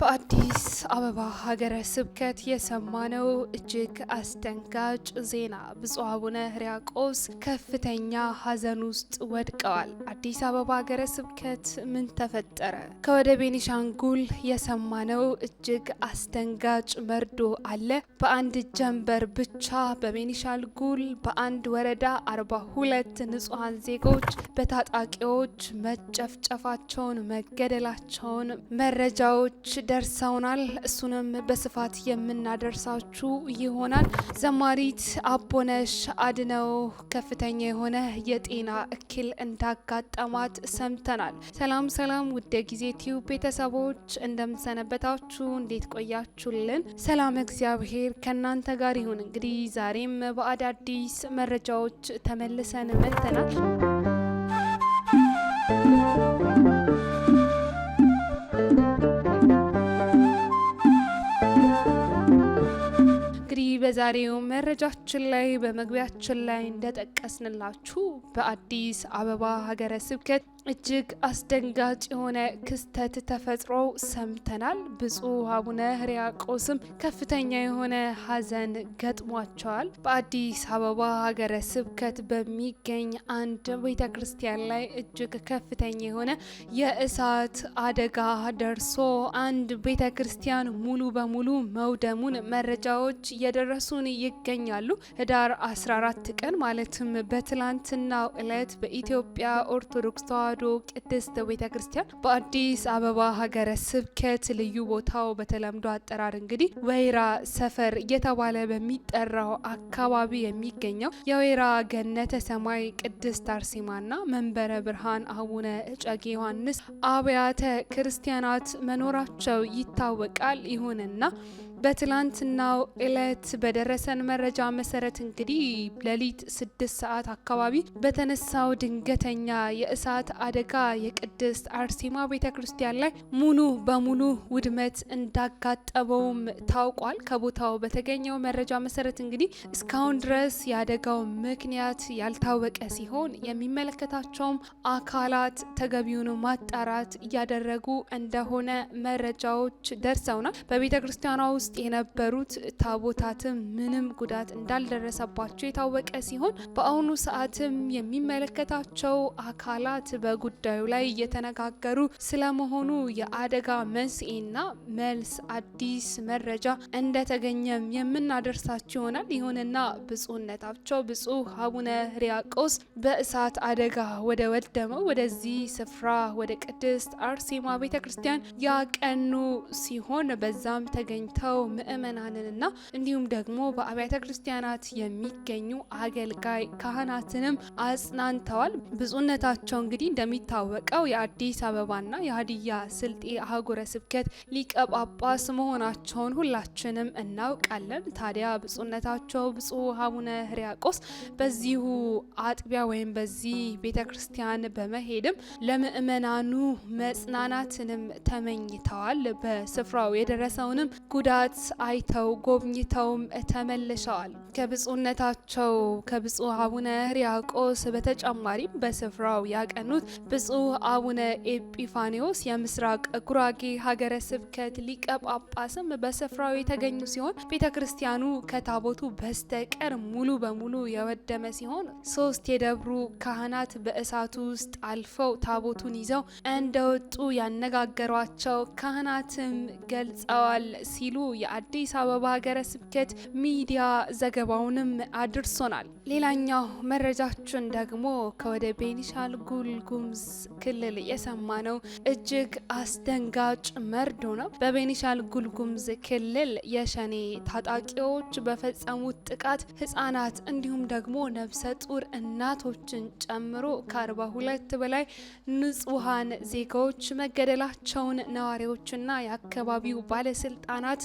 በአዲስ አበባ ሀገረ ስብከት የሰማነው እጅግ አስደንጋጭ ዜና ብፁዕ አቡነ ሕርያቆስ ከፍተኛ ሐዘን ውስጥ ወድቀዋል። አዲስ አበባ ሀገረ ስብከት ምን ተፈጠረ? ከወደ ቤኒሻንጉል የሰማነው እጅግ አስደንጋጭ መርዶ አለ። በአንድ ጀንበር ብቻ በቤኒሻንጉል በአንድ ወረዳ አርባ ሁለት ንጹሐን ዜጎች በታጣቂዎች መጨፍጨፋቸውን መገደላቸውን መረጃዎች ደርሰውናል። እሱንም በስፋት የምናደርሳችሁ ይሆናል። ዘማሪት አቦነሽ አድነው ከፍተኛ የሆነ የጤና እክል እንዳጋጠማት ሰምተናል። ሰላም ሰላም፣ ውደ ጊዜ ቲዩ ቤተሰቦች እንደምንሰነበታችሁ፣ እንዴት ቆያችሁልን? ሰላም እግዚአብሔር ከእናንተ ጋር ይሁን። እንግዲህ ዛሬም በአዳዲስ መረጃዎች ተመልሰን መጥተናል። በዛሬው መረጃችን ላይ በመግቢያችን ላይ እንደጠቀስንላችሁ በአዲስ አበባ ሀገረ ስብከት እጅግ አስደንጋጭ የሆነ ክስተት ተፈጥሮ ሰምተናል። ብፁዕ አቡነ ሕርያቆስም ከፍተኛ የሆነ ሐዘን ገጥሟቸዋል። በአዲስ አበባ ሀገረ ስብከት በሚገኝ አንድ ቤተ ክርስቲያን ላይ እጅግ ከፍተኛ የሆነ የእሳት አደጋ ደርሶ አንድ ቤተ ክርስቲያን ሙሉ በሙሉ መውደሙን መረጃዎች እየደረሱን ይገኛሉ። ህዳር 14 ቀን ማለትም በትላንትናው ዕለት በኢትዮጵያ ኦርቶዶክስ ተዋ ተዋሕዶ ቅድስት ቤተ ክርስቲያን በአዲስ አበባ ሀገረ ስብከት ልዩ ቦታው በተለምዶ አጠራር እንግዲህ ወይራ ሰፈር እየተባለ በሚጠራው አካባቢ የሚገኘው የወይራ ገነተ ሰማይ ቅድስት አርሴማና መንበረ ብርሃን አቡነ እጨጌ ዮሐንስ አብያተ ክርስቲያናት መኖራቸው ይታወቃል። ይሁንና በትላንትናው እለት በደረሰን መረጃ መሰረት እንግዲህ ሌሊት ስድስት ሰዓት አካባቢ በተነሳው ድንገተኛ የእሳት አደጋ የቅድስት አርሴማ ቤተ ክርስቲያን ላይ ሙሉ በሙሉ ውድመት እንዳጋጠመውም ታውቋል። ከቦታው በተገኘው መረጃ መሰረት እንግዲህ እስካሁን ድረስ የአደጋው ምክንያት ያልታወቀ ሲሆን የሚመለከታቸውም አካላት ተገቢውን ማጣራት እያደረጉ እንደሆነ መረጃዎች ደርሰውናል። በቤተ ክርስቲያኗ ውስጥ የነበሩት ታቦታትም ምንም ጉዳት እንዳልደረሰባቸው የታወቀ ሲሆን በአሁኑ ሰዓትም የሚመለከታቸው አካላት በጉዳዩ ላይ እየተነጋገሩ ስለመሆኑ የአደጋ መንስኤና መልስ አዲስ መረጃ እንደተገኘም የምናደርሳቸው ይሆናል። ይሁንና ብፁዕነታቸው ብፁዕ አቡነ ሪያቆስ በእሳት አደጋ ወደ ወደመው ወደዚህ ስፍራ ወደ ቅድስት አርሴማ ቤተ ክርስቲያን ያቀኑ ሲሆን በዛም ተገኝተው ያላቸው ምእመናንንና እንዲሁም ደግሞ በአብያተ ክርስቲያናት የሚገኙ አገልጋይ ካህናትንም አጽናንተዋል። ብፁዕነታቸው እንግዲህ እንደሚታወቀው የአዲስ አበባና የሀዲያ ስልጤ አህጉረ ስብከት ሊቀ ጳጳስ መሆናቸውን ሁላችንም እናውቃለን። ታዲያ ብፁዕነታቸው ብፁዕ አቡነ ሕርያቆስ በዚሁ አጥቢያ ወይም በዚህ ቤተ ክርስቲያን በመሄድም ለምእመናኑ መጽናናትንም ተመኝተዋል። በስፍራው የደረሰውንም ጉዳት በስፋት አይተው ጎብኝተውም ተመልሰዋል። ከብፁዕነታቸው ከብፁዕ አቡነ ሕርያቆስ በተጨማሪም በስፍራው ያቀኑት ብፁዕ አቡነ ኤጲፋኒዎስ የምስራቅ ጉራጌ ሀገረ ስብከት ሊቀ ጳጳስም በስፍራው የተገኙ ሲሆን ቤተ ክርስቲያኑ ከታቦቱ በስተቀር ሙሉ በሙሉ የወደመ ሲሆን ሶስት የደብሩ ካህናት በእሳቱ ውስጥ አልፈው ታቦቱን ይዘው እንደወጡ ያነጋገሯቸው ካህናትም ገልጸዋል ሲሉ የአዲስ አበባ ሀገረ ስብከት ሚዲያ ዘገባውንም አድርሶናል። ሌላኛው መረጃችን ደግሞ ከወደ ቤኒሻል ጉልጉምዝ ክልል የሰማነው እጅግ አስደንጋጭ መርዶ ነው። በቤኒሻል ጉሙዝ ክልል የሸኔ ታጣቂዎች በፈጸሙት ጥቃት ህጻናት እንዲሁም ደግሞ ነፍሰ ጡር እናቶችን ጨምሮ ከአርባ ሁለት በላይ ንጹሀን ዜጋዎች መገደላቸውን ነዋሪዎችና የአካባቢው ባለስልጣናት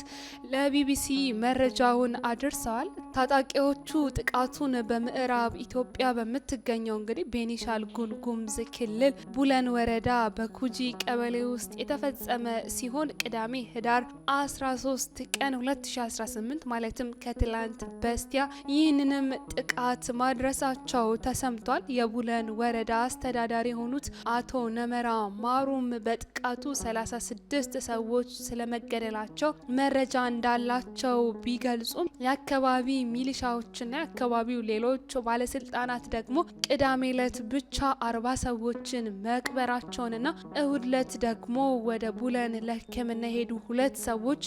ለቢቢሲ መረጃውን አድርሰዋል። ታጣቂዎቹ ጥቃቱን በምዕራብ ኢትዮጵያ በምትገኘው እንግዲህ ቤኒሻንጉል ጉሙዝ ክልል ቡለን ወረዳ በኩጂ ቀበሌ ውስጥ የተፈጸመ ሲሆን ቅዳሜ ህዳር 13 ቀን 2018 ማለትም ከትላንት በስቲያ ይህንንም ጥቃት ማድረሳቸው ተሰምቷል። የቡለን ወረዳ አስተዳዳሪ የሆኑት አቶ ነመራ ማሩም በጥቃቱ 36 ሰዎች ስለመገደላቸው መረጃ መረጃ እንዳላቸው ቢገልጹም የአካባቢ ሚሊሻዎችና የአካባቢው ሌሎች ባለስልጣናት ደግሞ ቅዳሜ ለት ብቻ አርባ ሰዎችን መቅበራቸውንና እሁድ ለት ደግሞ ወደ ቡለን ለሕክምና ሄዱ ሁለት ሰዎች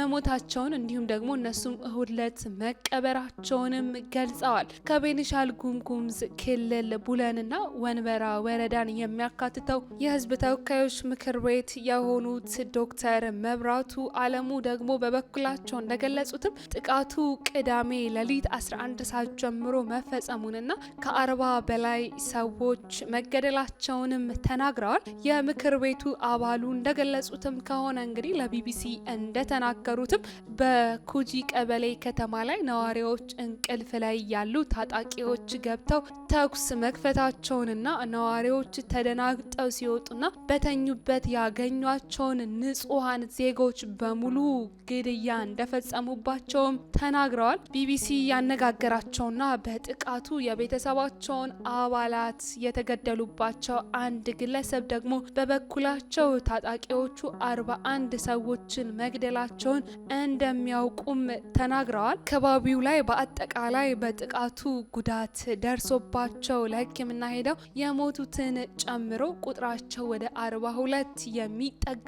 መሞታቸውን እንዲሁም ደግሞ እነሱም እሁድ ለት መቀበራቸውንም ገልጸዋል። ከቤኒሻል ጉምጉምዝ ክልል ቡለንና ወንበራ ወረዳን የሚያካትተው የህዝብ ተወካዮች ምክር ቤት የሆኑት ዶክተር መብራቱ አለሙ ደግሞ በበኩላቸው እንደገለጹትም ጥቃቱ ቅዳሜ ሌሊት 11 ሰዓት ጀምሮ መፈጸሙንና ከአርባ በላይ ሰዎች መገደላቸውንም ተናግረዋል። የምክር ቤቱ አባሉ እንደገለጹትም ከሆነ እንግዲህ ለቢቢሲ እንደተናገሩትም በኩጂ ቀበሌ ከተማ ላይ ነዋሪዎች እንቅልፍ ላይ ያሉ ታጣቂዎች ገብተው ተኩስ መክፈታቸውንና ነዋሪዎች ተደናግጠው ሲወጡና በተኙበት ያገኟቸውን ንጹሐን ዜጎች በሙሉ ግድያ እንደፈጸሙባቸውም ተናግረዋል። ቢቢሲ ያነጋገራቸውና በጥቃቱ የቤተሰባቸውን አባላት የተገደሉባቸው አንድ ግለሰብ ደግሞ በበኩላቸው ታጣቂዎቹ 41 ሰዎችን መግደላቸውን እንደሚያውቁም ተናግረዋል። ከባቢው ላይ በአጠቃላይ በጥቃቱ ጉዳት ደርሶባቸው ለሕክምና ሄደው የሞቱትን ጨምሮ ቁጥራቸው ወደ 42 የሚጠጋ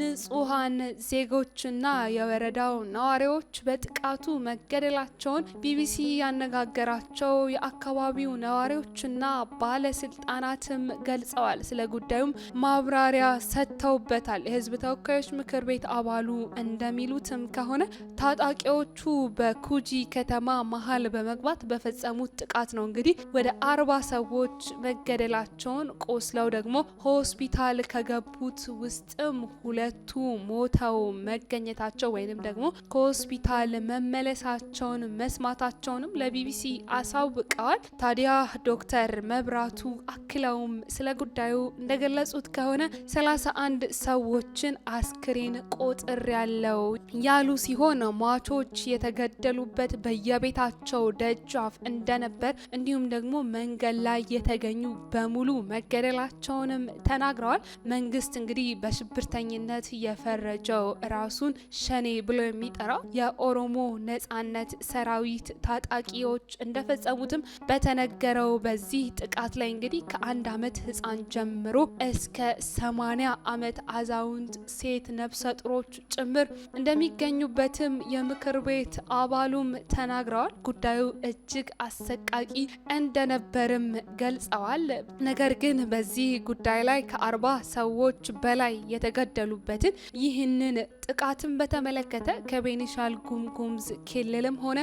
ንጹሐን ዜጎችና የ የወረዳው ነዋሪዎች በጥቃቱ መገደላቸውን ቢቢሲ ያነጋገራቸው የአካባቢው ነዋሪዎችና ባለስልጣናትም ገልጸዋል። ስለ ጉዳዩም ማብራሪያ ሰጥተውበታል። የህዝብ ተወካዮች ምክር ቤት አባሉ እንደሚሉትም ከሆነ ታጣቂዎቹ በኩጂ ከተማ መሀል በመግባት በፈጸሙት ጥቃት ነው እንግዲህ ወደ አርባ ሰዎች መገደላቸውን ቆስለው ደግሞ ሆስፒታል ከገቡት ውስጥም ሁለቱ ሞተው መገኘታቸው ወይንም ደግሞ ከሆስፒታል መመለሳቸውን መስማታቸውንም ለቢቢሲ አሳውቀዋል። ታዲያ ዶክተር መብራቱ አክለውም ስለ ጉዳዩ እንደገለጹት ከሆነ 31 ሰዎችን አስክሬን ቁጥር ያለው ያሉ ሲሆን ሟቾች የተገደሉበት በየቤታቸው ደጃፍ እንደነበር እንዲሁም ደግሞ መንገድ ላይ የተገኙ በሙሉ መገደላቸውንም ተናግረዋል። መንግስት እንግዲህ በሽብርተኝነት የፈረጀው ራሱን ሸኔ ብሎ የሚጠራው የኦሮሞ ነጻነት ሰራዊት ታጣቂዎች እንደፈጸሙትም በተነገረው በዚህ ጥቃት ላይ እንግዲህ ከአንድ አመት ህፃን ጀምሮ እስከ ሰማኒያ አመት አዛውንት፣ ሴት ነፍሰ ጡሮች ጭምር እንደሚገኙበትም የምክር ቤት አባሉም ተናግረዋል። ጉዳዩ እጅግ አሰቃቂ እንደነበርም ገልጸዋል። ነገር ግን በዚህ ጉዳይ ላይ ከአርባ ሰዎች በላይ የተገደሉበትን ይህንን ጥቃትን በተ በተመለከተ ከቤኒሻል ጉምጉምዝ ክልልም ሆነ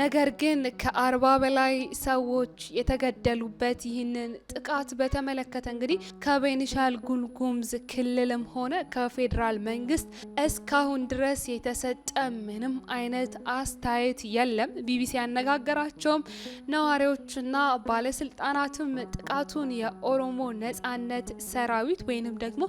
ነገር ግን ከአርባ በላይ ሰዎች የተገደሉበት ይህንን ጥቃት በተመለከተ እንግዲህ ከቤኒሻል ጉሙዝ ክልልም ሆነ ከፌዴራል መንግስት እስካሁን ድረስ የተሰጠ ምንም አይነት አስተያየት የለም። ቢቢሲ ያነጋገራቸውም ነዋሪዎችና ባለስልጣናትም ጥቃቱን የኦሮሞ ነጻነት ሰራዊት ወይንም ደግሞ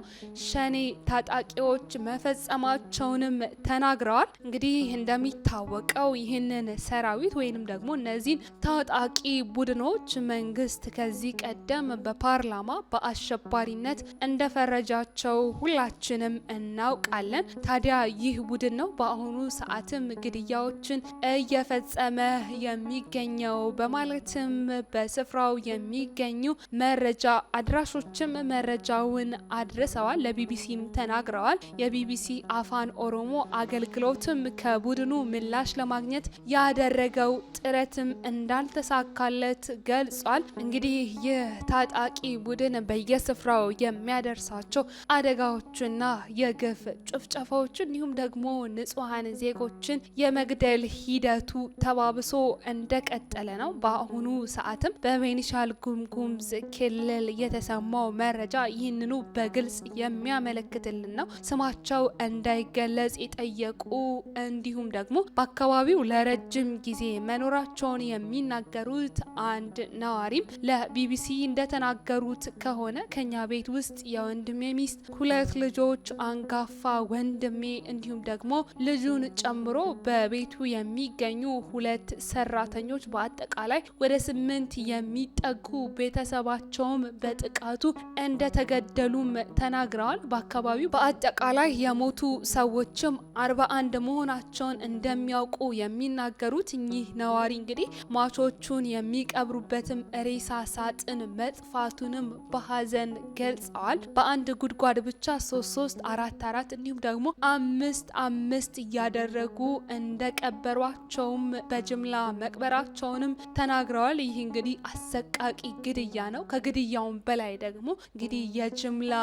ሸኔ ታጣቂዎች መፈጸማቸውንም ተ ተናግረዋል። እንግዲህ እንደሚታወቀው ይህንን ሰራዊት ወይንም ደግሞ እነዚህን ታጣቂ ቡድኖች መንግስት ከዚህ ቀደም በፓርላማ በአሸባሪነት እንደፈረጃቸው ሁላችንም እናውቃለን። ታዲያ ይህ ቡድን ነው በአሁኑ ሰዓትም ግድያዎችን እየፈጸመ የሚገኘው በማለትም በስፍራው የሚገኙ መረጃ አድራሾችም መረጃውን አድርሰዋል፣ ለቢቢሲም ተናግረዋል። የቢቢሲ አፋን ኦሮሞ አገልግሎትም ከቡድኑ ምላሽ ለማግኘት ያደረገው ጥረትም እንዳልተሳካለት ገልጿል። እንግዲህ ይህ ታጣቂ ቡድን በየስፍራው የሚያደርሳቸው አደጋዎችና የግፍ ጭፍጨፋዎች እንዲሁም ደግሞ ንጹሐን ዜጎችን የመግደል ሂደቱ ተባብሶ እንደቀጠለ ነው። በአሁኑ ሰዓትም በቤኒሻንጉል ጉምጉምዝ ክልል የተሰማው መረጃ ይህንኑ በግልጽ የሚያመለክትልን ነው። ስማቸው እንዳይገለጽ የጠየ የጠየቁ እንዲሁም ደግሞ በአካባቢው ለረጅም ጊዜ መኖራቸውን የሚናገሩት አንድ ነዋሪም ለቢቢሲ እንደተናገሩት ከሆነ ከኛ ቤት ውስጥ የወንድሜ ሚስት፣ ሁለት ልጆች፣ አንጋፋ ወንድሜ እንዲሁም ደግሞ ልጁን ጨምሮ በቤቱ የሚገኙ ሁለት ሰራተኞች በአጠቃላይ ወደ ስምንት የሚጠጉ ቤተሰባቸውም በጥቃቱ እንደተገደሉም ተናግረዋል። በአካባቢው በአጠቃላይ የሞቱ ሰዎችም አርባ አንድ መሆናቸውን እንደሚያውቁ የሚናገሩት እኚህ ነዋሪ እንግዲህ ሟቾቹን የሚቀብሩበትም ሬሳ ሳጥን መጥፋቱንም በሀዘን ገልጸዋል። በአንድ ጉድጓድ ብቻ ሶስት ሶስት አራት አራት እንዲሁም ደግሞ አምስት አምስት እያደረጉ እንደቀበሯቸውም በጅምላ መቅበራቸውንም ተናግረዋል። ይህ እንግዲህ አሰቃቂ ግድያ ነው። ከግድያውም በላይ ደግሞ እንግዲህ የጅምላ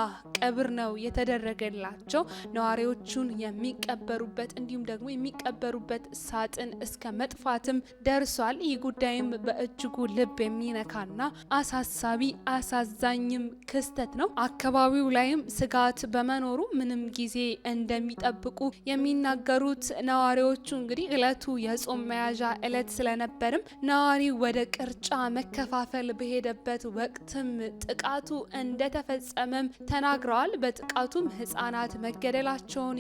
ቀብር ነው የተደረገላቸው ነዋሪዎቹን የሚቀበሩ የሚቀበሩበት እንዲሁም ደግሞ የሚቀበሩበት ሳጥን እስከ መጥፋትም ደርሷል። ይህ ጉዳይም በእጅጉ ልብ የሚነካና አሳሳቢ አሳዛኝም ክስተት ነው። አካባቢው ላይም ስጋት በመኖሩ ምንም ጊዜ እንደሚጠብቁ የሚናገሩት ነዋሪዎቹ እንግዲህ እለቱ የጾም መያዣ እለት ስለነበርም ነዋሪ ወደ ቅርጫ መከፋፈል በሄደበት ወቅትም ጥቃቱ እንደተፈጸመም ተናግረዋል። በጥቃቱም ህጻናት መገደላቸውን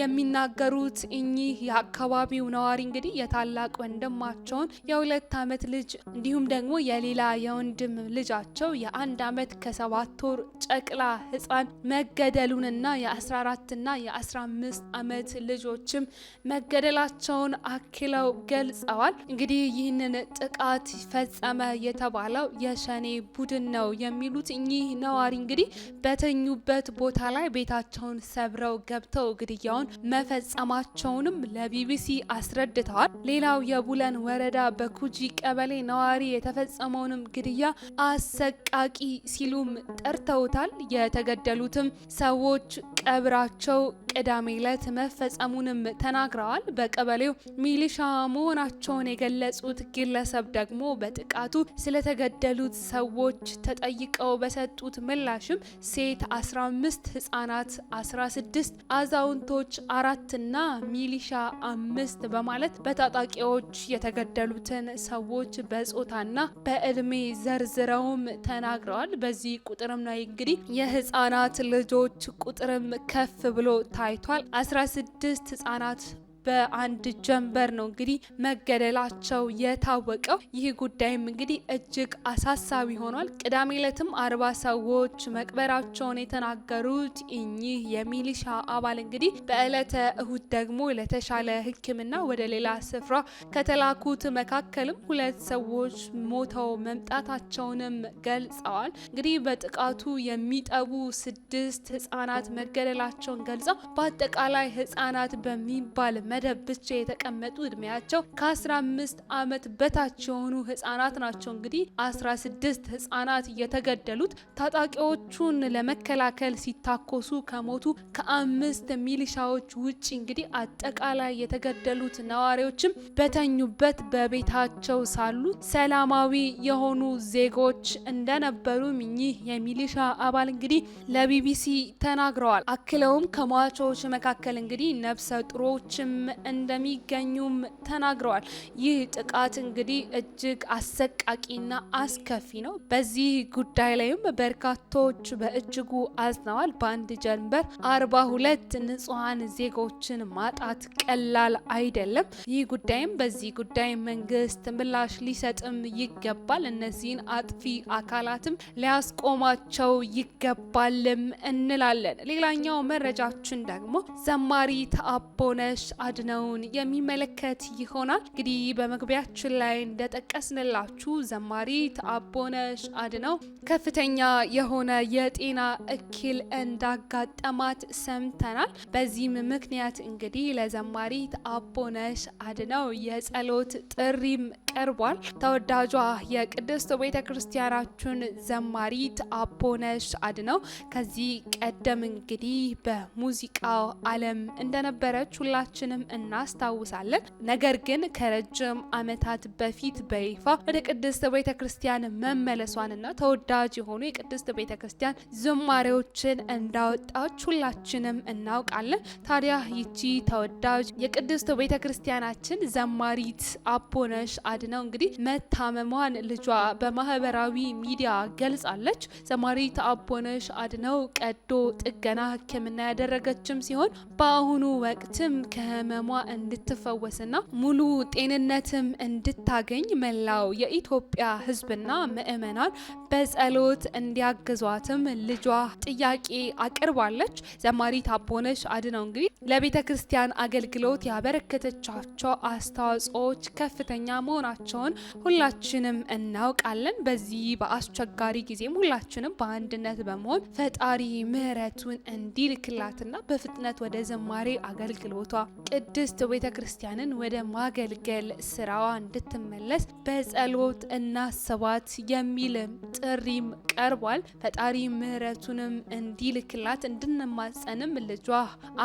የሚና የሚናገሩት እኚህ የአካባቢው ነዋሪ እንግዲህ የታላቅ ወንድማቸውን የሁለት አመት ልጅ እንዲሁም ደግሞ የሌላ የወንድም ልጃቸው የአንድ አመት ከሰባት ወር ጨቅላ ህፃን መገደሉንና የ14ና የ15 አመት ልጆችም መገደላቸውን አክለው ገልጸዋል። እንግዲህ ይህንን ጥቃት ፈጸመ የተባለው የሸኔ ቡድን ነው የሚሉት እኚህ ነዋሪ እንግዲህ በተኙበት ቦታ ላይ ቤታቸውን ሰብረው ገብተው ግድያውን መፈጸማቸውንም ለቢቢሲ አስረድተዋል። ሌላው የቡለን ወረዳ በኩጂ ቀበሌ ነዋሪ የተፈጸመውንም ግድያ አሰቃቂ ሲሉም ጠርተውታል። የተገደሉትም ሰዎች ቀብራቸው ቅዳሜ ዕለት መፈጸሙንም ተናግረዋል። በቀበሌው ሚሊሻ መሆናቸውን የገለጹት ግለሰብ ደግሞ በጥቃቱ ስለተገደሉት ሰዎች ተጠይቀው በሰጡት ምላሽም ሴት 15 ህጻናት 16 አዛውንቶች አራትና ሚሊሻ አምስት በማለት በታጣቂዎች የተገደሉትን ሰዎች በጾታና በእድሜ ዘርዝረውም ተናግረዋል። በዚህ ቁጥርም ላይ እንግዲህ የህጻናት ልጆች ቁጥርም ከፍ ብሎ ታይቷል። 16 ህጻናት በአንድ ጀንበር ነው እንግዲህ መገደላቸው የታወቀው። ይህ ጉዳይም እንግዲህ እጅግ አሳሳቢ ሆኗል። ቅዳሜ ዕለትም አርባ ሰዎች መቅበራቸውን የተናገሩት እኚህ የሚሊሻ አባል እንግዲህ በዕለተ እሁድ ደግሞ ለተሻለ ሕክምና ወደ ሌላ ስፍራ ከተላኩት መካከልም ሁለት ሰዎች ሞተው መምጣታቸውንም ገልጸዋል። እንግዲህ በጥቃቱ የሚጠቡ ስድስት ህጻናት መገደላቸውን ገልጸው በአጠቃላይ ህጻናት በሚባል መደብ ብቻ የተቀመጡ እድሜያቸው ከ15 ዓመት በታች የሆኑ ህጻናት ናቸው። እንግዲህ 16 ህጻናት የተገደሉት ታጣቂዎቹን ለመከላከል ሲታኮሱ ከሞቱ ከአምስት ሚሊሻዎች ውጭ እንግዲህ አጠቃላይ የተገደሉት ነዋሪዎችም በተኙበት በቤታቸው ሳሉ ሰላማዊ የሆኑ ዜጎች እንደነበሩ እኚህ የሚሊሻ አባል እንግዲህ ለቢቢሲ ተናግረዋል። አክለውም ከሟቾች መካከል እንግዲህ ነፍሰ ጥሮችም። እንደሚገኙም ተናግረዋል። ይህ ጥቃት እንግዲህ እጅግ አሰቃቂና አስከፊ ነው። በዚህ ጉዳይ ላይም በርካቶች በእጅጉ አዝነዋል። በአንድ ጀንበር አርባ ሁለት ንጹሐን ዜጎችን ማጣት ቀላል አይደለም። ይህ ጉዳይም በዚህ ጉዳይ መንግስት ምላሽ ሊሰጥም ይገባል። እነዚህን አጥፊ አካላትም ሊያስቆማቸው ይገባልም እንላለን። ሌላኛው መረጃችን ደግሞ ዘማሪ ተአቦነሽ አድነውን የሚመለከት ይሆናል። እንግዲህ በመግቢያችን ላይ እንደጠቀስንላችሁ ዘማሪት አቦነሽ አድነው ከፍተኛ የሆነ የጤና እክል እንዳጋጠማት ሰምተናል። በዚህም ምክንያት እንግዲህ ለዘማሪት አቦነሽ አድነው የጸሎት ጥሪም ቀርቧል። ተወዳጇ የቅድስት ቤተ ክርስቲያናችን ዘማሪት አቦነሽ አድነው ከዚህ ቀደም እንግዲህ በሙዚቃው ዓለም እንደነበረች ሁላችንም እናስታውሳለን። ነገር ግን ከረጅም ዓመታት በፊት በይፋ ወደ ቅድስት ቤተ ክርስቲያን መመለሷንና ተወዳጅ የሆኑ የቅድስት ቤተ ክርስቲያን ዝማሬዎችን እንዳወጣች ሁላችንም እናውቃለን። ታዲያ ይቺ ተወዳጅ የቅድስት ቤተ ክርስቲያናችን ዘማሪት አቦነሽ አድ ነው እንግዲህ መታመሟን ልጇ በማህበራዊ ሚዲያ ገልጻለች። ዘማሪት አቦነሽ አድነው ቀዶ ጥገና ህክምና ያደረገችም ሲሆን በአሁኑ ወቅትም ከህመሟ እንድትፈወስና ሙሉ ጤንነትም እንድታገኝ መላው የኢትዮጵያ ህዝብና ምእመናን በጸሎት እንዲያግዟትም ልጇ ጥያቄ አቅርባለች። ዘማሪት አቦነሽ አድነው እንግዲህ ለቤተ ክርስቲያን አገልግሎት ያበረከተቻቸው አስተዋጽኦዎች ከፍተኛ መሆናቸው መሆናቸውን ሁላችንም እናውቃለን። በዚህ በአስቸጋሪ ጊዜም ሁላችንም በአንድነት በመሆን ፈጣሪ ምሕረቱን እንዲልክላትና በፍጥነት ወደ ዘማሬ አገልግሎቷ ቅድስት ቤተ ክርስቲያንን ወደ ማገልገል ስራዋ እንድትመለስ በጸሎት እናስባት የሚልም ጥሪም ቀርቧል። ፈጣሪ ምሕረቱንም እንዲልክላት እንድንማጸንም ልጇ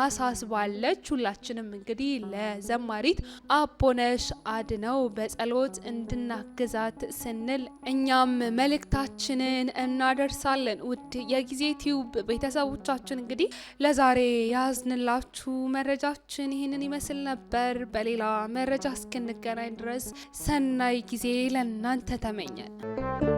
አሳስባለች። ሁላችንም እንግዲህ ለዘማሪት አቦነሽ አድነው በጸሎት በጸሎት እንድናግዛት ስንል እኛም መልእክታችንን እናደርሳለን። ውድ የጊዜ ቲዩብ ቤተሰቦቻችን እንግዲህ ለዛሬ ያዝንላችሁ መረጃችን ይህንን ይመስል ነበር። በሌላ መረጃ እስክንገናኝ ድረስ ሰናይ ጊዜ ለእናንተ ተመኘን።